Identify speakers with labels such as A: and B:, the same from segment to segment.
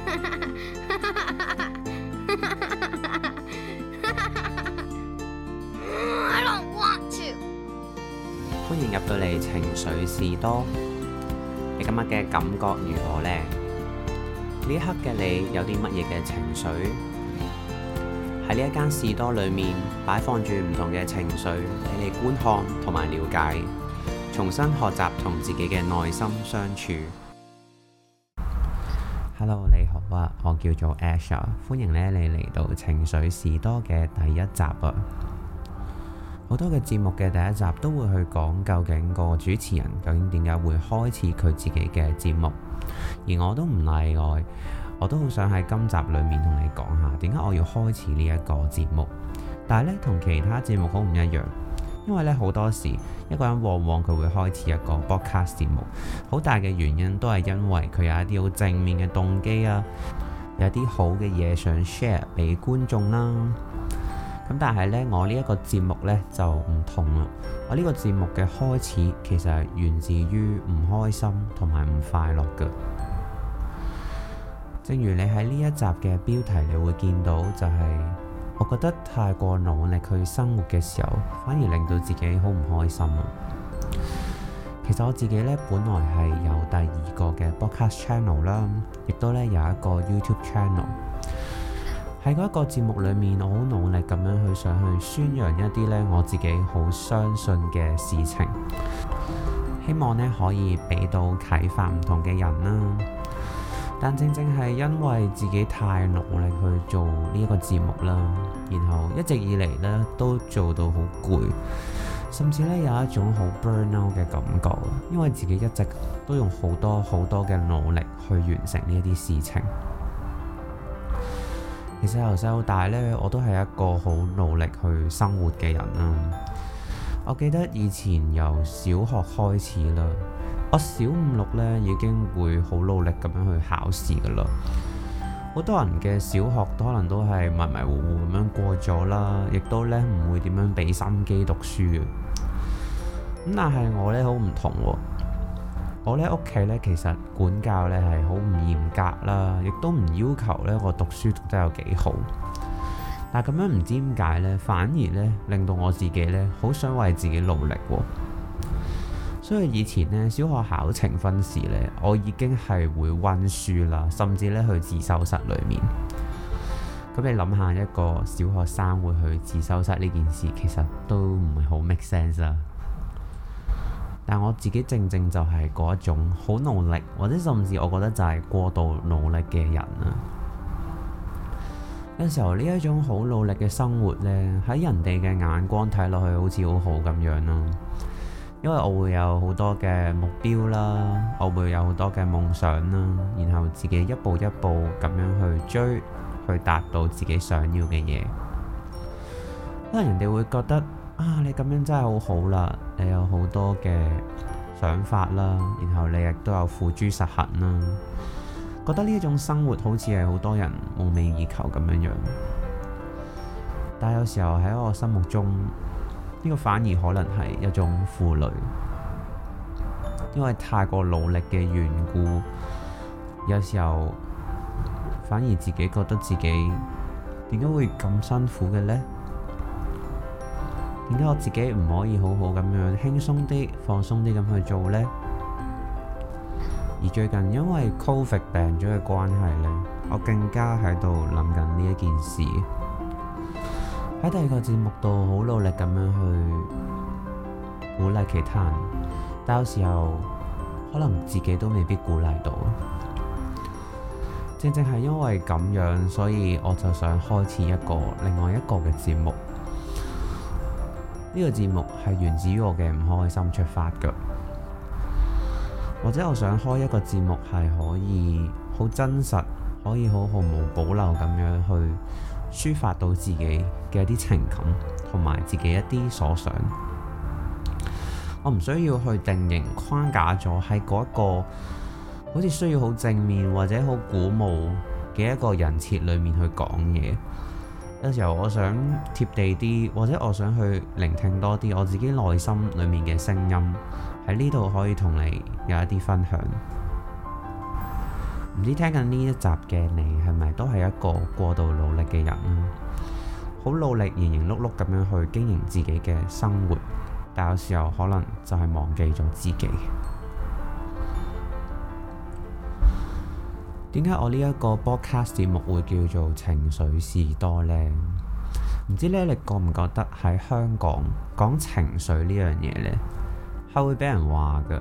A: I don't want to. 歡迎入到嚟情緒士多，你今日嘅感覺如何呢？呢一刻嘅你有啲乜嘢嘅情緒？喺呢一間士多裏面擺放住唔同嘅情緒，俾你觀看同埋了解，重新學習同自己嘅內心相處。Hello，你好啊，我叫做 ASH，歡迎咧你嚟到情緒士多嘅第一集啊！好多嘅節目嘅第一集都會去講究竟個主持人究竟點解會開始佢自己嘅節目，而我都唔例外，我都好想喺今集裏面同你講下點解我要開始呢一個節目，但係咧同其他節目好唔一樣。因為咧好多時一個人往往佢會開始一個 podcast 節目，好大嘅原因都係因為佢有一啲好正面嘅動機啊，有啲好嘅嘢想 share 俾觀眾啦。咁但係呢，我呢一個節目呢就唔同啦。我呢個節目嘅開始其實係源自於唔開心同埋唔快樂嘅，正如你喺呢一集嘅標題你會見到就係，是。我覺得太過努力去生活嘅時候，反而令到自己好唔開心啊。其實我自己呢，本來係有第二個嘅 Podcast channel 啦，亦都呢有一個 YouTube channel。喺嗰一個節目裡面，我好努力咁樣去想去宣揚一啲呢我自己好相信嘅事情，希望呢可以俾到啟發唔同嘅人啦。但正正係因為自己太努力去做呢一個節目啦，然後一直以嚟呢都做到好攰，甚至呢有一種好 burn out 嘅感覺，因為自己一直都用好多好多嘅努力去完成呢啲事情。其實由細到大呢，我都係一個好努力去生活嘅人啦。我記得以前由小學開始啦。我小五六咧，已經會好努力咁樣去考試噶啦。好多人嘅小學都可能都係迷迷糊糊咁樣過咗啦，亦都咧唔會點樣俾心機讀書嘅。咁但係我咧好唔同喎，我咧屋企咧其實管教咧係好唔嚴格啦，亦都唔要求咧我讀書讀得有幾好。但係咁樣唔知點解咧，反而咧令到我自己咧好想為自己努力喎。所以以前呢，小學考呈分試呢，我已經係會温書啦，甚至呢，去自修室裏面。咁 你諗下一個小學生會去自修室呢件事，其實都唔係好 make sense 啦。 但我自己正正就係嗰一種好努力，或者甚至我覺得就係過度努力嘅人啦。 有時候呢一種好努力嘅生活呢，喺人哋嘅眼光睇落去好似好好咁樣囉。因為我會有好多嘅目標啦，我會有好多嘅夢想啦，然後自己一步一步咁樣去追，去達到自己想要嘅嘢。可能人哋會覺得啊，你咁樣真係好好啦，你有好多嘅想法啦，然後你亦都有付諸實行啦，覺得呢一種生活好似係好多人夢寐以求咁樣樣。但係有時候喺我心目中，呢個反而可能係一種負累，因為太過努力嘅緣故，有時候反而自己覺得自己點解會咁辛苦嘅呢？點解我自己唔可以好好咁樣輕鬆啲、放鬆啲咁去做呢？而最近因為 Covid 病咗嘅關係呢，我更加喺度諗緊呢一件事。喺第二個節目度好努力咁樣去鼓勵其他人，但有時候可能自己都未必鼓勵到。正正係因為咁樣，所以我就想開始一個另外一個嘅節目。呢個節目係源自於我嘅唔開心出發㗎，或者我想開一個節目係可以好真實，可以好毫無保留咁樣去。抒發到自己嘅一啲情感，同埋自己一啲所想。我唔需要去定型框架咗，喺嗰一個好似需要好正面或者好鼓舞嘅一個人設裏面去講嘢。有時候我想貼地啲，或者我想去聆聽多啲我自己內心裏面嘅聲音，喺呢度可以同你有一啲分享。唔知聽緊呢一集嘅你係咪都係一個過度努力嘅人？好努力、營營碌碌咁樣去經營自己嘅生活，但有時候可能就係忘記咗自己。點解我呢一個播客節目會叫做情緒士多咧？唔知咧，你覺唔覺得喺香港講情緒呢樣嘢呢，係會俾人話嘅？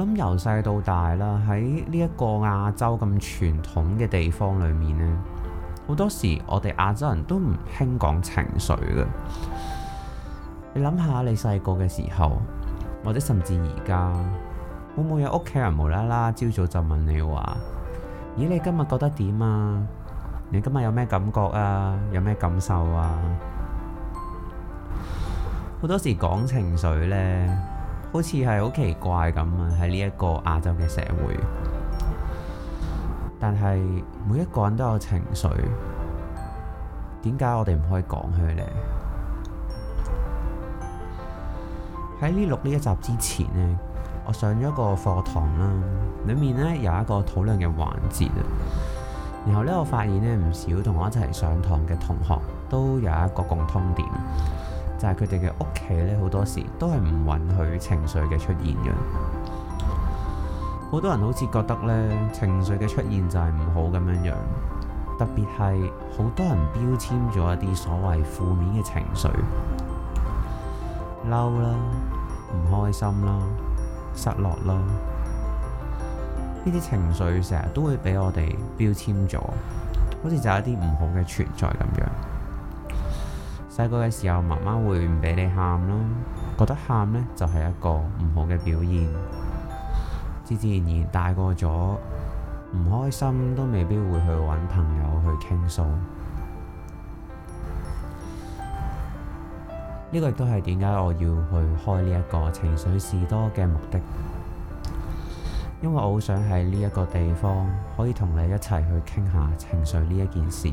A: 我諗由細到大啦，喺呢一個亞洲咁傳統嘅地方裏面呢，好多時我哋亞洲人都唔興講情緒嘅。你諗下，你細個嘅時候，或者甚至而家，會唔會有屋企人無啦啦朝早就問你話：「咦，你今日覺得點啊？你今日有咩感覺啊？有咩感受啊？」好多時講情緒呢。好似係好奇怪咁啊！喺呢一個亞洲嘅社會，但係每一個人都有情緒，點解我哋唔可以講佢呢？喺呢錄呢一集之前呢，我上咗個課堂啦，裡面呢，有一個討論嘅環節。然後呢，我發現呢，唔少同我一齊上堂嘅同學都有一個共通點。就係佢哋嘅屋企呢，好多時都係唔允許情緒嘅出現嘅。好多人好似覺得呢，情緒嘅出現就係唔好咁樣樣。特別係好多人標籤咗一啲所謂負面嘅情緒，嬲啦、唔開心啦、失落啦，呢啲情緒成日都會俾我哋標籤咗，好似就係一啲唔好嘅存在咁樣。細個嘅時候，媽媽會唔俾你喊囉，覺得喊呢，就係一個唔好嘅表現。自自然然大個咗，唔開心都未必會去揾朋友去傾訴。呢個亦都係點解我要去開呢一個情緒士多嘅目的，因為我好想喺呢一個地方可以同你一齊去傾下情緒呢一件事。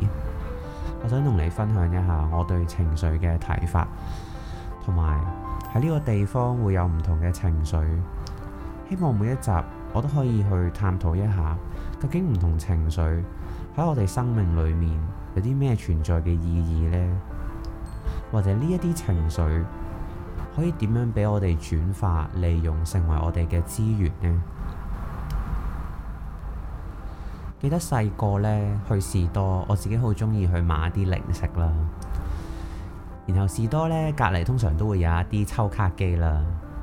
A: 我想同你分享一下我對情緒嘅睇法，同埋喺呢個地方會有唔同嘅情緒。希望每一集我都可以去探討一下，究竟唔同情緒喺我哋生命裏面有啲咩存在嘅意義咧？或者呢一啲情緒可以點樣俾我哋轉化、利用，成為我哋嘅資源咧？記得細個呢，去士多，我自己好中意去買啲零食啦。然後士多呢，隔離通常都會有一啲抽卡機啦，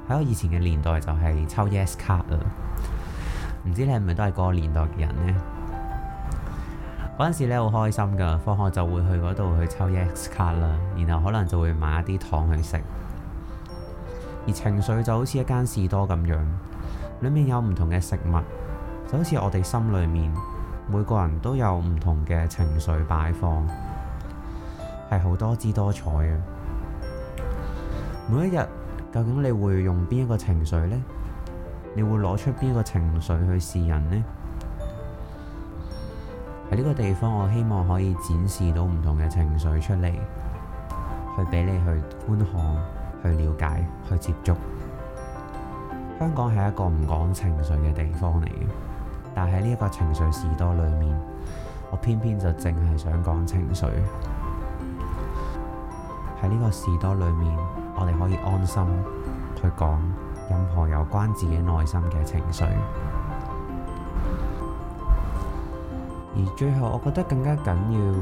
A: 喺我以前嘅年代就係抽 YES 卡啦。唔知你係咪都係嗰個年代嘅人呢？嗰陣時呢好開心㗎，放學就會去嗰度去抽 YES 卡啦，然後可能就會買一啲糖去食。而情緒就好似一間士多咁樣，裡面有唔同嘅食物，就好似我哋心裏面。每個人都有唔同嘅情緒擺放，係好多姿多彩嘅。每一日，究竟你會用邊一個情緒呢？你會攞出邊一個情緒去示人呢？喺呢個地方，我希望可以展示到唔同嘅情緒出嚟，去畀你去觀看、去了解、去接觸。香港係一個唔講情緒嘅地方嚟嘅。但喺呢一個情緒士多裏面，我偏偏就淨係想講情緒。喺呢個士多裏面，我哋可以安心去講任何有關自己內心嘅情緒。而最後，我覺得更加緊要呢、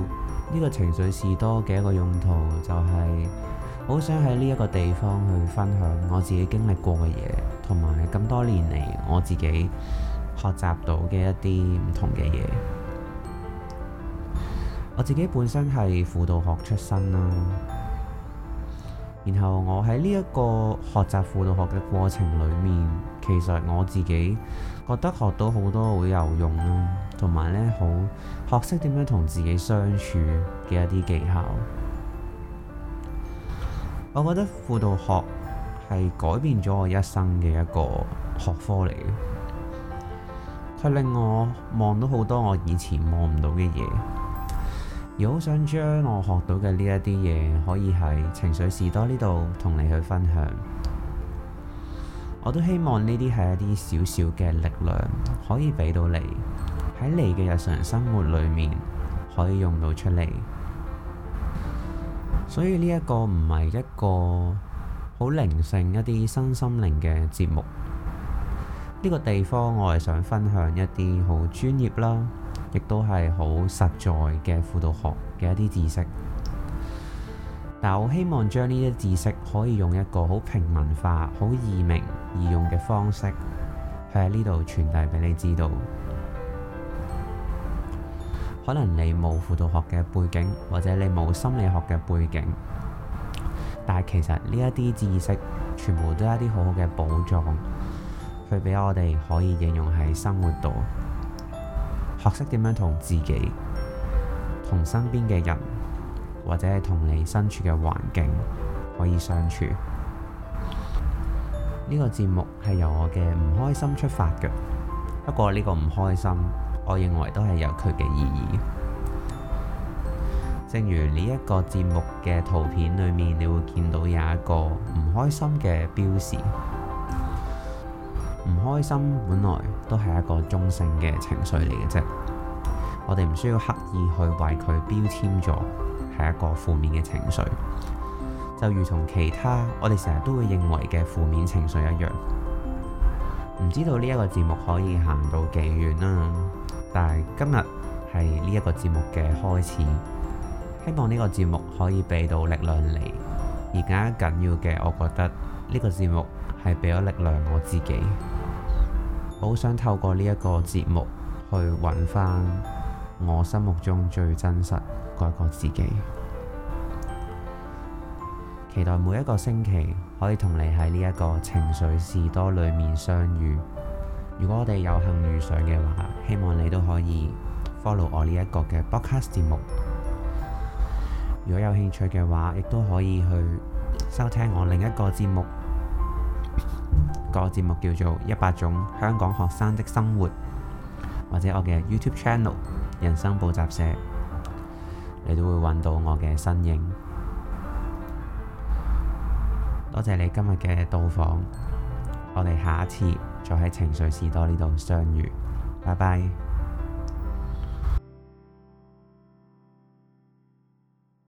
A: 呢個情緒士多嘅一個用途，就係，就係好想喺呢一個地方去分享我自己經歷過嘅嘢，同埋咁多年嚟我自己，學習到嘅一啲唔同嘅嘢，我自己本身係輔導學出身啦，然後我喺呢一個學習輔導學嘅過程裏面，其實我自己覺得學到好多好有用啦，同埋呢好學識點樣同自己相處嘅一啲技巧。我覺得輔導學係改變咗我一生嘅一個學科嚟嘅。佢令我望到好多我以前望唔到嘅嘢，而好想將我學到嘅呢一啲嘢，可以喺情緒士多呢度同你去分享。我都希望呢啲係一啲少少嘅力量，可以俾到你喺你嘅日常生活裏面可以用到出嚟。所以呢一個唔係一個好靈性一啲身心靈嘅節目。呢個地方我係想分享一啲好專業啦，亦都係好實在嘅輔導學嘅一啲知識。但我希望將呢啲知識可以用一個好平民化、好易明易用嘅方式，去喺呢度傳遞俾你知道。可能你冇輔導學嘅背景，或者你冇心理學嘅背景，但係其實呢一啲知識全部都係一啲好好嘅寶藏。佢俾我哋可以應用喺生活度，學識點樣同自己、同身邊嘅人或者同你身處嘅環境可以相處。呢個節目係由我嘅唔開心出發嘅，不過呢個唔開心，我認為都係有佢嘅意義。正如呢一個節目嘅圖片裏面，你會見到有一個唔開心嘅標示。唔開心本來都係一個中性嘅情緒嚟嘅啫，我哋唔需要刻意去為佢標籤咗係一個負面嘅情緒，就如同其他我哋成日都會認為嘅負面情緒一樣。唔知道呢一個節目可以行到幾遠啦，但係今日係呢一個節目嘅開始，希望呢個節目可以俾到力量嚟。而家緊要嘅，我覺得呢個節目。係俾咗力量我自己，好想透過呢一個節目去揾翻我心目中最真實嗰個自己。期待每一個星期可以同你喺呢一個情緒士多裏面相遇。如果我哋有幸遇上嘅話，希望你都可以 follow 我呢一個嘅 podcast 節目。如果有興趣嘅話，亦都可以去收聽我另一個節目。個節目叫做《一百種香港學生的生活》，或者我嘅 YouTube channel《人生補習社》，你都會揾到我嘅身影。多謝你今日嘅到訪，我哋下一次再喺情緒士多呢度相遇。拜拜。